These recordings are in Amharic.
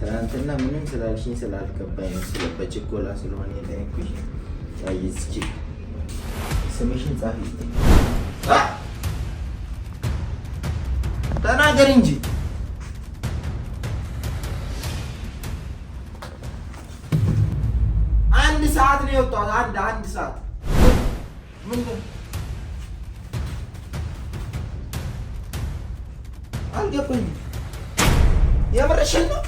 ትናንትና ምንም ስላልሽኝ ስላልገባኝ ስለ በችኮላ ስለሆነ የጠየኩሽ ያይዝች ስምሽን ጻፊ ተናገሪ እንጂ አንድ ሰዓት ነው የወጣሁት። አንድ አንድ ሰዓት ምንድን አልገባኝም። የምርሽን ነው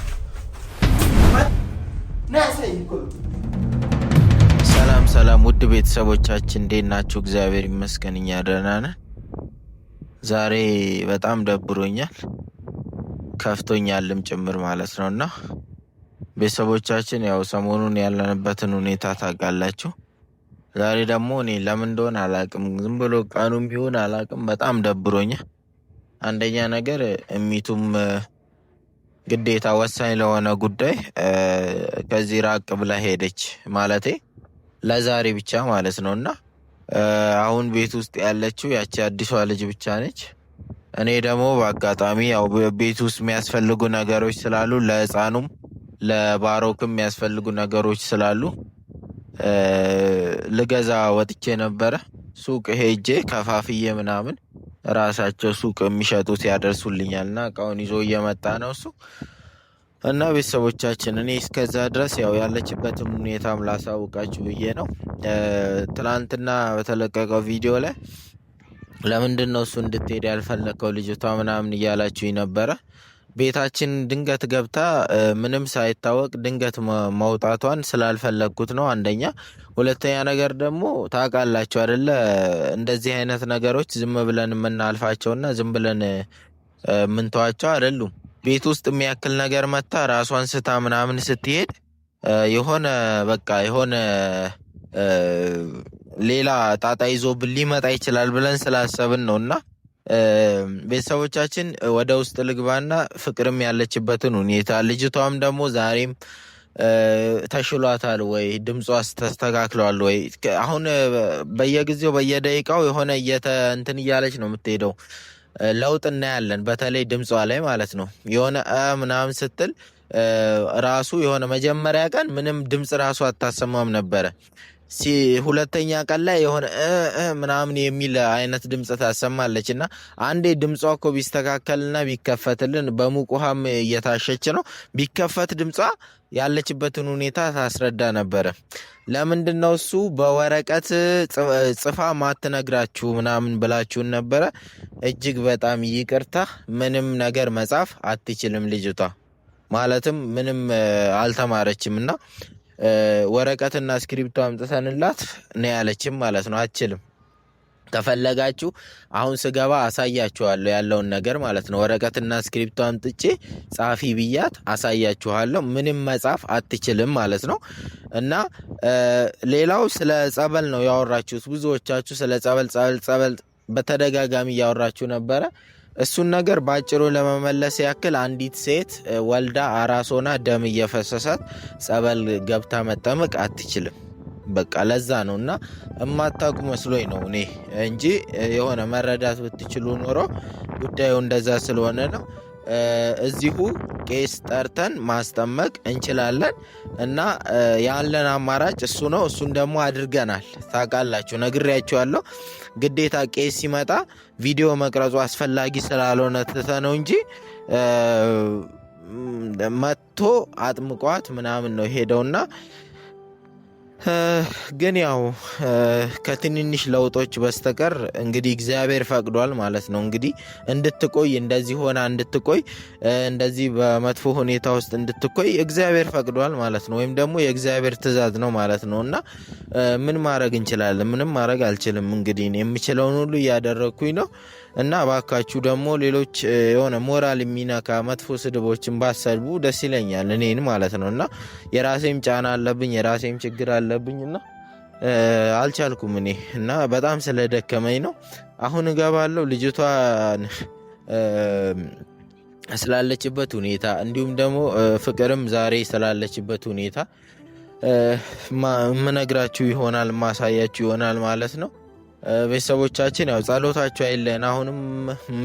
ሰላም ሰላም፣ ውድ ቤተሰቦቻችን እንዴት ናችሁ? እግዚአብሔር ይመስገን እኛ ደህና ነን። ዛሬ በጣም ደብሮኛል ከፍቶኛልም ጭምር ማለት ነው እና ቤተሰቦቻችን ያው ሰሞኑን ያለንበትን ሁኔታ ታውቃላችሁ። ዛሬ ደግሞ እኔ ለምን እንደሆነ አላቅም፣ ዝም ብሎ ቀኑም ቢሆን አላቅም፣ በጣም ደብሮኛል። አንደኛ ነገር እሚቱም ግዴታ ወሳኝ ለሆነ ጉዳይ ከዚህ ራቅ ብላ ሄደች ማለቴ ለዛሬ ብቻ ማለት ነው። እና አሁን ቤት ውስጥ ያለችው ያቺ አዲሷ ልጅ ብቻ ነች። እኔ ደግሞ በአጋጣሚ ያው ቤት ውስጥ የሚያስፈልጉ ነገሮች ስላሉ ለህፃኑም ለባሮክም የሚያስፈልጉ ነገሮች ስላሉ ልገዛ ወጥቼ ነበረ ሱቅ ሄጄ ከፋፍዬ ምናምን ራሳቸው ሱቅ የሚሸጡት ያደርሱልኛል እና እቃውን ይዞ እየመጣ ነው እሱ እና ቤተሰቦቻችን፣ እኔ እስከዛ ድረስ ያው ያለችበትም ሁኔታም ላሳውቃችሁ ብዬ ነው። ትናንትና በተለቀቀው ቪዲዮ ላይ ለምንድን ነው እሱ እንድትሄድ ያልፈለግከው ልጅቷ ምናምን እያላችሁኝ ነበረ። ቤታችን ድንገት ገብታ ምንም ሳይታወቅ ድንገት መውጣቷን ስላልፈለግኩት ነው አንደኛ። ሁለተኛ ነገር ደግሞ ታውቃላችሁ አይደለ እንደዚህ አይነት ነገሮች ዝም ብለን የምናልፋቸውና ዝም ብለን የምንተዋቸው አይደሉም። ቤት ውስጥ የሚያክል ነገር መታ ራሷን ስታ ምናምን ስትሄድ የሆነ በቃ የሆነ ሌላ ጣጣ ይዞ ሊመጣ ይችላል ብለን ስላሰብን ነው እና ቤተሰቦቻችን ወደ ውስጥ ልግባና ፍቅርም ያለችበትን ሁኔታ ልጅቷም ደግሞ ዛሬም ተሽሏታል ወይ ድምጿስ ተስተካክሏል ወይ? አሁን በየጊዜው በየደቂቃው የሆነ እንትን እያለች ነው የምትሄደው። ለውጥ እናያለን፣ በተለይ ድምጿ ላይ ማለት ነው። የሆነ ምናምን ስትል ራሱ የሆነ መጀመሪያ ቀን ምንም ድምፅ ራሱ አታሰማም ነበረ። ሁለተኛ ቀን ላይ የሆነ ምናምን የሚል አይነት ድምፅ ታሰማለች እና አንዴ ድምጿ እኮ ቢስተካከልና ቢከፈትልን በሙቅ ውሃም እየታሸች ነው ቢከፈት ድምጿ ያለችበትን ሁኔታ ታስረዳ ነበረ። ለምንድን ነው እሱ በወረቀት ጽፋ ማትነግራችሁ ምናምን ብላችሁን ነበረ። እጅግ በጣም ይቅርታ፣ ምንም ነገር መጻፍ አትችልም ልጅቷ ማለትም ምንም አልተማረችም እና ወረቀትና እስክሪብቶ አምጥተንላት ነው ያለችም ማለት ነው። አችልም ከፈለጋችሁ አሁን ስገባ አሳያችኋለሁ ያለውን ነገር ማለት ነው። ወረቀትና እስክሪብቶ አምጥቼ ጻፊ ብያት አሳያችኋለሁ። ምንም መጻፍ አትችልም ማለት ነው። እና ሌላው ስለ ጸበል ነው ያወራችሁት። ብዙዎቻችሁ ስለ ጸበል ጸበል ጸበል በተደጋጋሚ እያወራችሁ ነበረ። እሱን ነገር ባጭሩ ለመመለስ ያክል አንዲት ሴት ወልዳ አራሶና ደም እየፈሰሳት ጸበል ገብታ መጠመቅ አትችልም። በቃ ለዛ ነው እና እማታውቁ መስሎኝ ነው እኔ እንጂ የሆነ መረዳት ብትችሉ ኖሮ ጉዳዩ እንደዛ ስለሆነ ነው። እዚሁ ቄስ ጠርተን ማስጠመቅ እንችላለን እና ያለን አማራጭ እሱ ነው። እሱን ደግሞ አድርገናል። ታውቃላችሁ፣ ነግሬያችኋለሁ። ግዴታ ቄስ ሲመጣ ቪዲዮ መቅረጹ አስፈላጊ ስላልሆነ ነው እንጂ መጥቶ አጥምቋት ምናምን ነው ሄደውና ግን ያው ከትንንሽ ለውጦች በስተቀር እንግዲህ እግዚአብሔር ፈቅዷል ማለት ነው። እንግዲህ እንድትቆይ እንደዚህ ሆና እንድትቆይ እንደዚህ በመጥፎ ሁኔታ ውስጥ እንድትቆይ እግዚአብሔር ፈቅዷል ማለት ነው። ወይም ደግሞ የእግዚአብሔር ትእዛዝ ነው ማለት ነው እና ምን ማድረግ እንችላለን? ምንም ማድረግ አልችልም። እንግዲህ የምችለውን ሁሉ እያደረግኩኝ ነው። እና ባካችሁ ደግሞ ሌሎች የሆነ ሞራል የሚነካ መጥፎ ስድቦችን ባሰድቡ ደስ ይለኛል፣ እኔን ማለት ነው። እና የራሴም ጫና አለብኝ፣ የራሴም ችግር አለብኝ እና አልቻልኩም እኔ እና በጣም ስለደከመኝ ነው። አሁን እገባለሁ ልጅቷን ስላለችበት ሁኔታ እንዲሁም ደግሞ ፍቅርም ዛሬ ስላለችበት ሁኔታ የምነግራችሁ ይሆናል፣ ማሳያችሁ ይሆናል ማለት ነው። ቤተሰቦቻችን ያው ጸሎታችሁ አይለን። አሁንም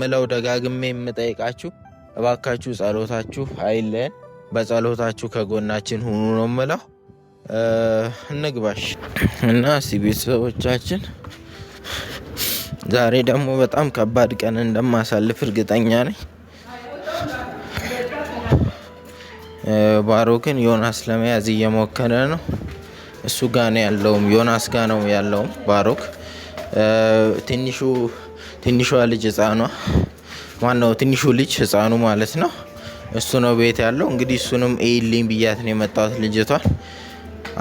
ምለው ደጋግሜ የምጠይቃችሁ እባካችሁ ጸሎታችሁ አይለን፣ በጸሎታችሁ ከጎናችን ሁኑ ነው ምለው። እንግባሽ እና እስኪ ቤተሰቦቻችን ዛሬ ደግሞ በጣም ከባድ ቀን እንደማሳልፍ እርግጠኛ ነኝ። ባሮክን ዮናስ ለመያዝ እየሞከረ ነው። እሱ ጋ ነው ያለውም፣ ዮናስ ጋ ነው ያለውም ባሮክ ትንሹ ትንሿ ልጅ ህፃኗ ማነው ትንሹ ልጅ ህፃኑ ማለት ነው። እሱ ነው ቤት ያለው እንግዲህ እሱንም ኤሊን ብያት ነው የመጣሁት ልጅቷን።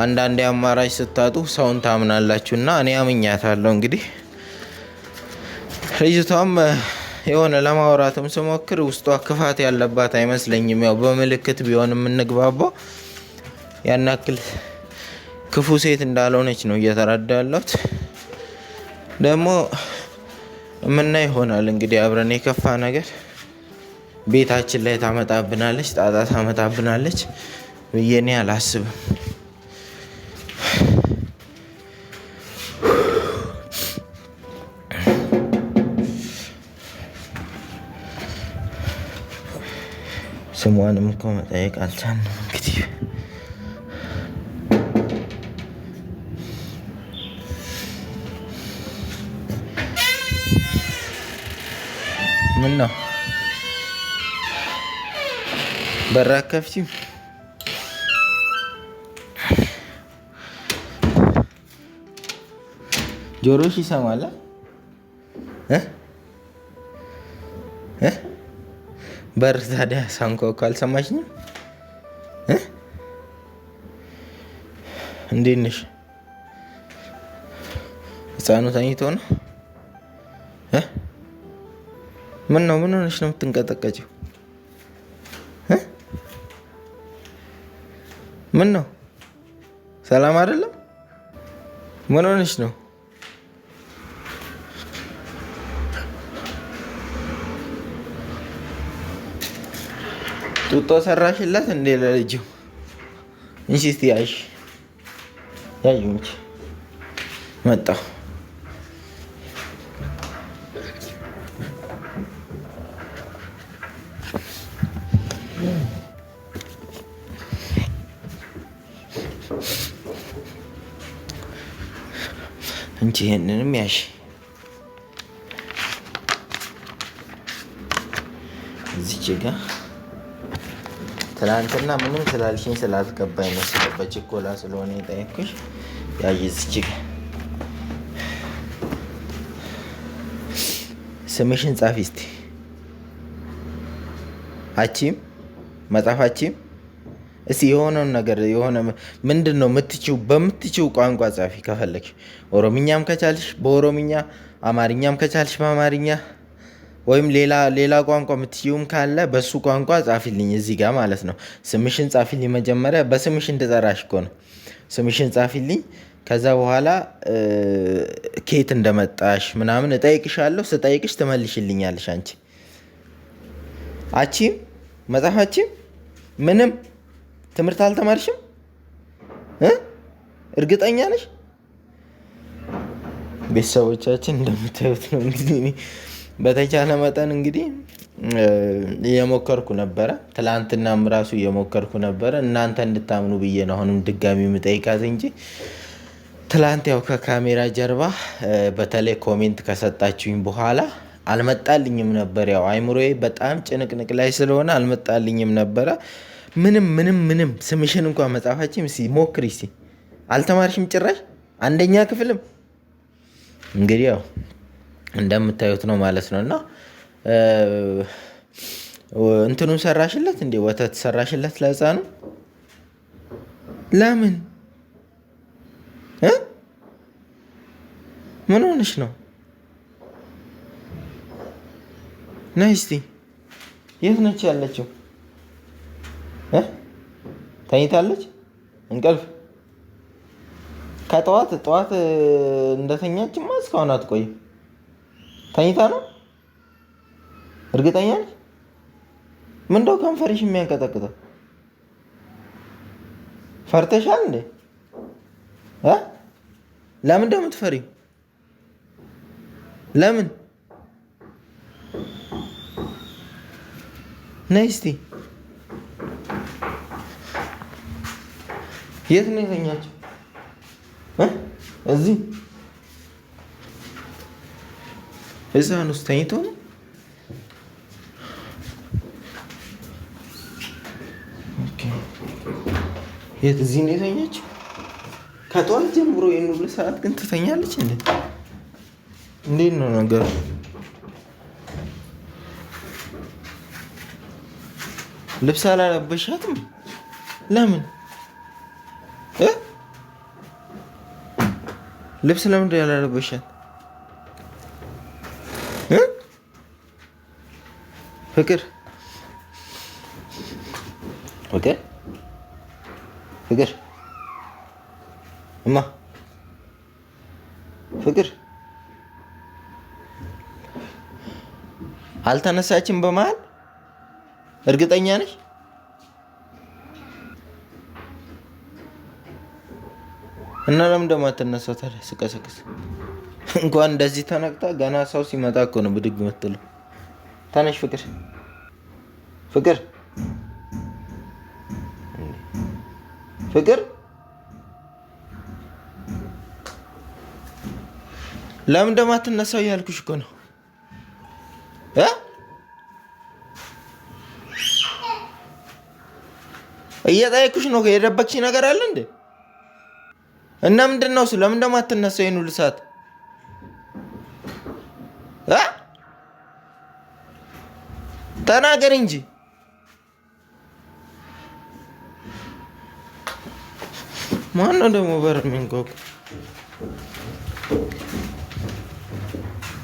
አንዳንዴ አማራጭ ስታጡ ሰውን ታምናላችሁ እና እኔ አምኛታለሁ። እንግዲህ ልጅቷም የሆነ ለማውራትም ስሞክር ውስጧ ክፋት ያለባት አይመስለኝም። ያው በምልክት ቢሆን የምንግባባው ያን ያክል ክፉ ሴት እንዳልሆነች ነው እየተረዳ ያለሁት። ደግሞ ምና ይሆናል እንግዲህ አብረን የከፋ ነገር ቤታችን ላይ ታመጣብናለች፣ ጣጣ ታመጣብናለች ብዬ እኔ አላስብም። ስሟንም እኮ መጠየቅ አልቻልንም እንግዲህ ምን ነው በራ ከፍቺም ጆሮሽ ይሰማል እ እ በር ታዲያ ሳንኳኳ አልሰማሽኝም? እንዴት ነሽ? ህፃኑ ተኝቶ ነው። ምን ነው? ምን ሆነሽ ነው የምትንቀጠቀጭው? ምን ነው? ሰላም አይደለም? ምን ሆነሽ ነው? ጡጦ ሰራሽላት እንዴ? ለልጅ እንሺ፣ ያሽ መጣሁ አንቺ ይሄንንም ያሽ እዚች ጋ ትላንትና ምንም ስላልሽኝ ስላልገባኝ መስለ በችኮላ ስለሆነ የጠየኩሽ ያይ እዚች ጋ ስምሽን ጻፊ እስቲ። አቺም መጻፍ አቺም እስቲ የሆነውን ነገር የሆነ ምንድን ነው የምትችው በምትችው ቋንቋ ጻፊ ከፈለግሽ ኦሮምኛም ከቻልሽ በኦሮምኛ አማርኛም ከቻልሽ በአማርኛ ወይም ሌላ ሌላ ቋንቋ የምትችውም ካለ በሱ ቋንቋ ጻፊልኝ እዚህ ጋር ማለት ነው። ስምሽን ጻፊልኝ መጀመሪያ በስምሽ እንድጠራሽ እኮ ነው። ስምሽን ጻፊልኝ። ከዛ በኋላ ኬት እንደመጣሽ ምናምን እጠይቅሻለሁ። ስጠይቅሽ ትመልሽልኛለሽ። አንቺ አቺም መጽሐፋችም ምንም ትምህርት አልተማርሽም? እርግጠኛ ነሽ? ቤተሰቦቻችን እንደምታዩት ነው። እንግዲህ በተቻለ መጠን እንግዲህ እየሞከርኩ ነበረ። ትላንትናም ራሱ እየሞከርኩ ነበረ እናንተ እንድታምኑ ብዬ ነው አሁንም ድጋሚ የምጠይቃት እንጂ ትላንት ያው ከካሜራ ጀርባ በተለይ ኮሜንት ከሰጣችሁኝ በኋላ አልመጣልኝም ነበር። ያው አይምሮዬ በጣም ጭንቅንቅ ላይ ስለሆነ አልመጣልኝም ነበረ። ምንም ምንም ምንም ስምሽን እንኳን መጻፋችም እስኪ ሞክሪ እስኪ አልተማርሽም ጭራሽ አንደኛ ክፍልም እንግዲህ ያው እንደምታዩት ነው ማለት ነው እና እንትኑን ሰራሽለት እንዴ ወተት ሰራሽለት ለህፃኑ ለምን ምን ሆነሽ ነው ነይ እስቲ የት ነች ያለችው ተኝታለች። እንቅልፍ ከጠዋት ጠዋት እንደተኛችማ እስካሁን አትቆይም። ተኝታ ነው እርግጠኛ ነች። ምንደው ከንፈርሽ የሚያንቀጠቅጠው? ፈርተሻል እንዴ? ለምን ደው ለምን ነይ እስቲ የት ነው የተኛችው? እዚህ ህፃን ውስጥ ተኝቶ ነው። የት እዚህ ነው የተኛቸው? ከጠዋት ጀምሮ ይህን ሁሉ ሰዓት ግን ትተኛለች እንዴ? እንዴት ነው ነገሩ? ልብስ አላለበሻትም? ለምን ልብስ ለምንድን ያላለበሻል? ፍቅር ፍቅር ፍቅር እማ ፍቅር አልተነሳችም በመሀል እርግጠኛ ነሽ? እና ለምን ደግሞ አትነሳው ታዲያ ስቀሰቅስ? እንኳን እንደዚህ ተነቅታ ገና ሰው ሲመጣ እኮ ነው ብድግ የምትለው። ተነሽ ፍቅር፣ ፍቅር፣ ፍቅር። ለምን ደግሞ አትነሳው እያልኩሽ እኮ ነው። እየጠየኩሽ ነው። የደበቅሽ ነገር አለ እንዴ? እና ምንድን ነው እሱ? ለምን ደግሞ አትነሳው? ይሄን ሁሉ ሰዓት ተናገር እንጂ ማን ነው ደግሞ በር የሚንኳኳ?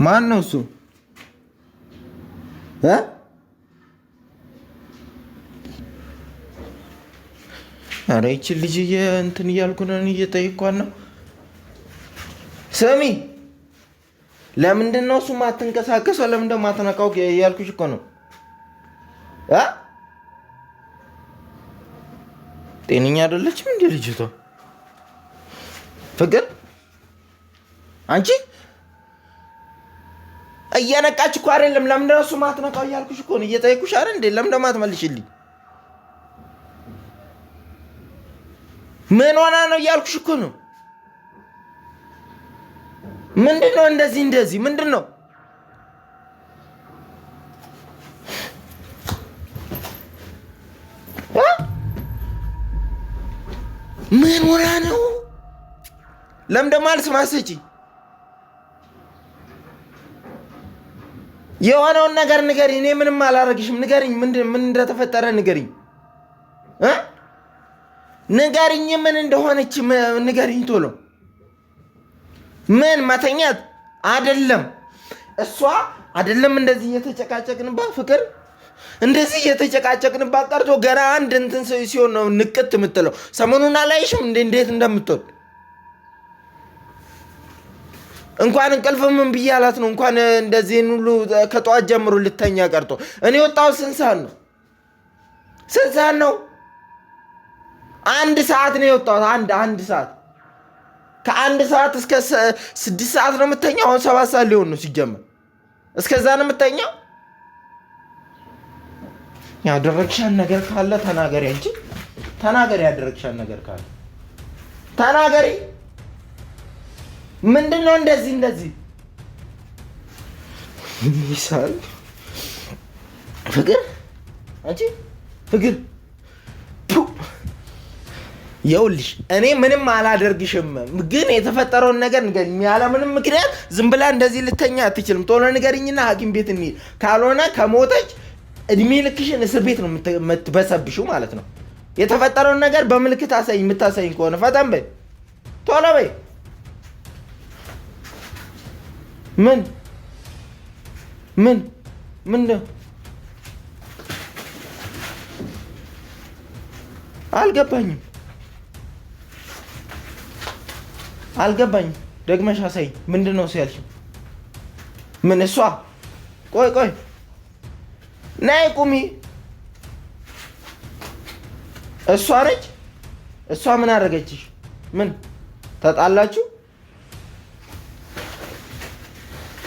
ማን ነው እሱ? አረ ይችን ልጅ እንትን እያልኩ ነን እየጠይኳን ነው። ስሚ ለምንድን ነው እሱ አትንቀሳቀሰው? ለምን ደግሞ አትነቃው እያልኩሽ እኮ ነው። ጤንኛ አይደለችም እንደ ልጅቷ። ፍቅር አንቺ እየነቃች እኮ አይደለም። ለምንድን ነው እሱማ አትነቃው እያልኩሽ እኮ ነው። እየጠየኩሽ አይደል እንዴ? ለምን ደግሞ አትመልሽልኝ? ምን ሆና ነው እያልኩሽ እኮ ነው። ምንድን ነው እንደዚህ እንደዚህ ምንድን ነው? ምን ሆና ነው? ለምን ደግሞ አልስማ ስጪ። የሆነውን ነገር ንገሪኝ። እኔ ምንም አላረግሽም። ንገሪኝ፣ ምን እንደተፈጠረ ንገሪኝ እ ንገርኝ፣ ምን እንደሆነች ንገርኝ ቶሎ። ምን መተኛት አይደለም እሷ አይደለም እንደዚህ እየተጨቃጨቅንባት ፍቅር እንደዚህ እየተጨቃጨቅንባት ቀርቶ ገና አንድ እንትን ሲሆን ነው ንቅት የምትለው። ሰሞኑን አላይሽም እንዴ እንዴት እንደምትወድ እንኳን እንቅልፍ ምን ብዬ አላት ነው እንኳን እንደዚህን ሁሉ ከጠዋት ጀምሮ ልተኛ ቀርቶ እኔ ወጣሁ። ስንት ሰዓት ነው? ስንት ሰዓት ነው? አንድ ሰዓት ነው የወጣሁት። አንድ አንድ ሰዓት ከአንድ ሰዓት እስከ ስድስት ሰዓት ነው የምተኛው። አሁን ሰባት ሰዓት ሊሆን ነው ሲጀመር። እስከዛ ነው የምተኛው። ያደረግሻን ነገር ካለ ተናገሪ፣ አንቺ ተናገሪ። ያደረግሻን ነገር ካለ ተናገሪ። ምንድን ነው እንደዚህ እንደዚህ ይሳል ፍቅር አንቺ ፍቅር የውልሽ እኔ ምንም አላደርግሽም፣ ግን የተፈጠረውን ነገር ንገሪኝ። ያለ ምንም ምክንያት ዝም ብላ እንደዚህ ልተኛ አትችልም። ቶሎ ንገሪኝና ሐኪም ቤት እንሂድ። ካልሆነ ከሞተች እድሜ ልክሽን እስር ቤት ነው የምትበሰብሹ ማለት ነው። የተፈጠረውን ነገር በምልክት አሳይ። የምታሳይኝ ከሆነ ፈጠን በይ፣ ቶሎ በይ። ምን ምን ምን አልገባኝም። አልገባኝ? ደግመሽ አሳይ። ምንድን ነው ምን እሷ? ቆይ ቆይ፣ ነይ ቁሚ። እሷ ነች? እሷ ምን አደረገችሽ? ምን ተጣላችሁ?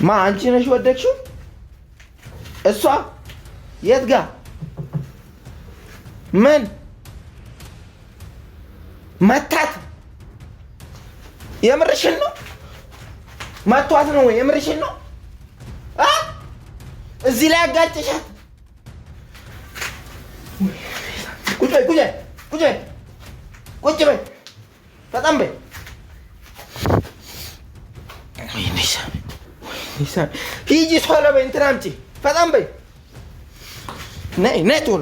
ማ አንቺ ነሽ ወደቅሽው? እሷ የት ጋ? ምን መታት? የምርሽን ነው? መቷት ነው ወይ? የምርሽን ነው? እዚህ ላይ አጋጭሻት። ቁጭ በይ ቁጭ ቁጭ በይ ቁጭ በይ በጣም በይ። ሂጂ ቶሎ በይ፣ እንትን አምጪ። በጣም በይ ነይ ነይ ቶሎ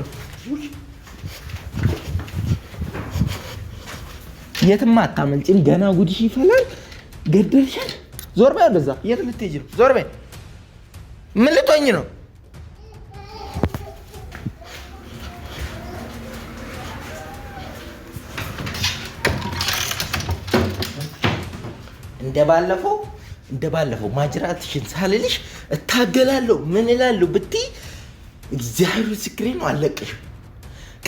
የትም አታመልጭም። ገና ጉድሽ ይፈላል። ገደልሻል። ዞር በይ ወደዛ። የት ልትሄጂ ነው? ዞር በይ። ምን ልትሆኝ ነው? እንደባለፈው እንደባለፈው ማጅራትሽን ሳልልሽ እታገላለሁ ምን እላለሁ ብትይ እግዚአብሔር ምስክሬ ነው፣ አልለቅሽም።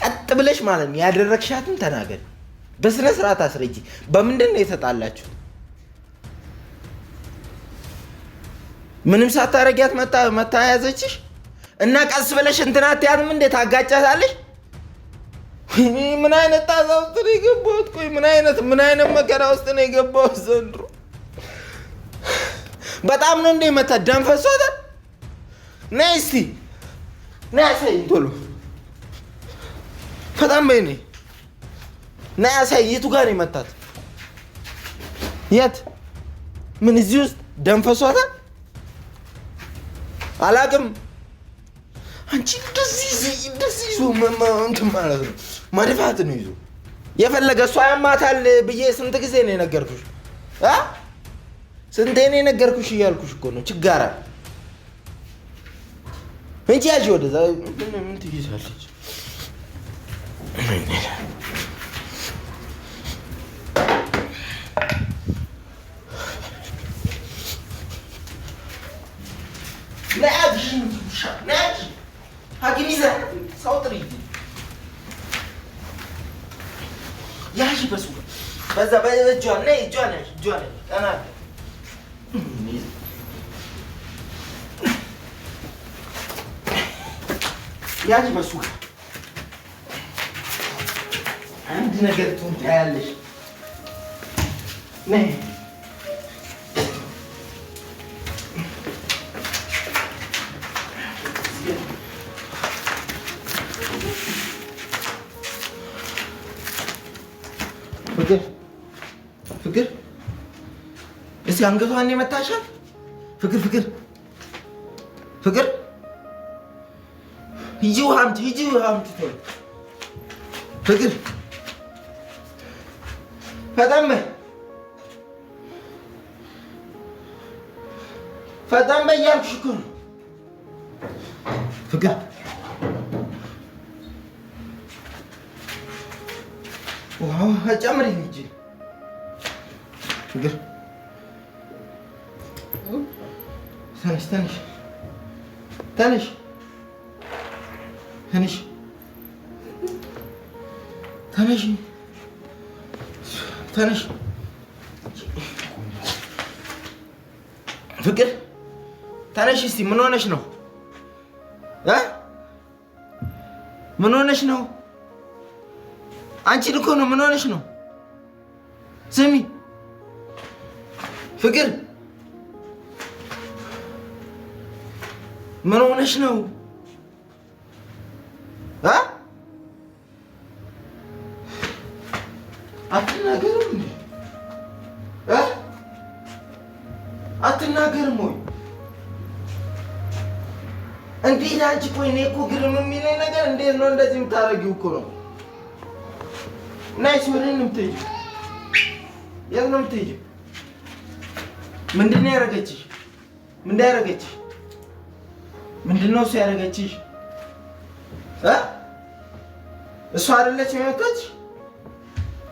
ቀጥ ብለሽ ማለት ነው ያደረግሻትን ተናገር። በስነ ስርዓት አስረጂ። በምንድን ነው የተጣላችሁ? ምንም ሳታረጊያት መታ ያዘችሽ እና ቀስ ብለሽ እንትና አትያትም እንዴት አጋጫታለሽ? ምን አይነት ጣጣ ውስጥ ነው የገባሁት? ቆይ ምን አይነት ምን አይነት መከራ ውስጥ ነው የገባሁት? ዘንድሮ በጣም ነው እንደ መታ ደም ፈሷታል። ነይ እስቲ ነይ አሳይኝ ቶሎ፣ በጣም በይ ነይ ና ያሳይ። የቱ ጋር ነው የመታት? የት? ምን እዚህ ውስጥ ደንፈሷታል? አላቅም። አንቺ እንደዚህ ይዞ እንትን ማለት ነው መድፋት ነው ይዞ የፈለገ እሷ ያማታል ብዬ ስንት ጊዜ ነው የነገርኩሽ? ስንቴ ነው የነገርኩሽ? እያልኩሽ እኮ ነው ችጋራ እንጂ ያዥ ወደዛ ምን ትይዛለች? ያዥ በሱ በዛ በእጇን ነይ እጇን ያዥ እጇን ያዥ ቀና ያዥ በሱ አንድ ነገር ትሆን ታያለሽ ነይ አንገቷን የመታሻል። ፍቅር ፍቅር ፍቅር ሂጂ ውሃ ሂጂ ውሃ አምጪ ፍቅር ፈጠን ፈጠን በይ እያልኩሽ እኮ ነው። ፍቅር ጨምሪ ሂጂ ፍቅር ተነሽ ተነሽ ተነሽ ተነሽ ተነሽ ተነሽ። ፍቅር ተነሽ። እስቲ ምን ሆነሽ ነው? ምን ሆነሽ ነው? አንቺን እኮ ነው። ምን ሆነሽ ነው? ስሚ ፍቅር ምን ሆነሽ ነው? አትናገርም እ አትናገርም ወይ? እንዴት አንቺ? ቆይ እኔ እኮ ግርም የሚለኝ ነገር እንዴት ነው እንደዚህ የምታደርጊው? እኮ ነው ናይስ። ወደ የት የት ነው የምትሄጂው? ምንድን ነው ያደረገችሽ? ምንድን ነው ያደረገችሽ? ምንድነው ነው እሱ ያደረገችሽ? እሷ አይደለች የመጣች?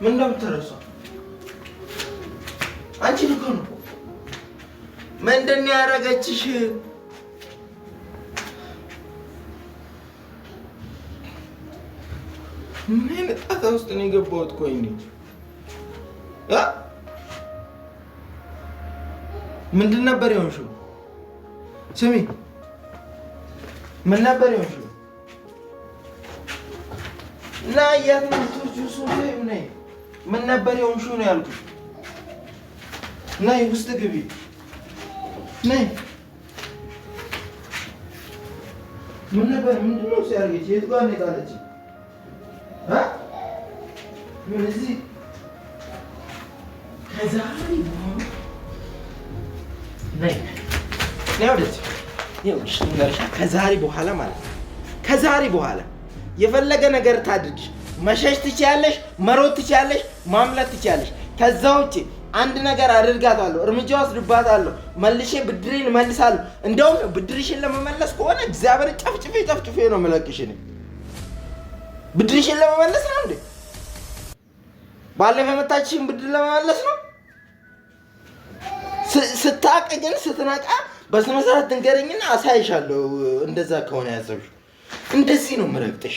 ምን እንደምትረሷ አንቺ ልኮ ነው። ምንድን ነው ያደረገችሽ? ምን ጣጣ ውስጥ ነው የገባሁት? ቆይ ምንድን ነበር የሆንሽው? ስሚ ምን ነበር ይሆን? ና ምን ነበር ይሆን? ሹ ነው ያልኩሽ። ነይ ውስጥ ግቢ። ነይ ምን ነበር? ምንድን ነው ሲያርገች? የት ጋር ነው የጣለች? ምን እዚህ ከዛ ከዛሬ በኋላ ማለት ነው። ከዛሬ በኋላ የፈለገ ነገር ታድርጅ። መሸሽ ትችያለሽ፣ መሮጥ ትችያለሽ፣ ማምለት ትችያለሽ። ከዛ ውጭ አንድ ነገር አድርጋታለሁ፣ እርምጃ ወስድባታለሁ፣ መልሼ ብድሬን እመልሳለሁ። እንደውም ብድርሽን ለመመለስ ከሆነ እግዚአብሔር ጨፍጭፌ ጨፍጭፌ ነው የምለቅሽ። ብድርሽን ለመመለስ ነው እንዴ? ባለፈ መታችሽን ብድር ለመመለስ ነው ስታቅ ግን ስትነቃ በስነ ስርዓት ንገረኝና አሳይሻለሁ። እንደዛ ከሆነ ያዘብሽ እንደዚህ ነው የምረግጥሽ።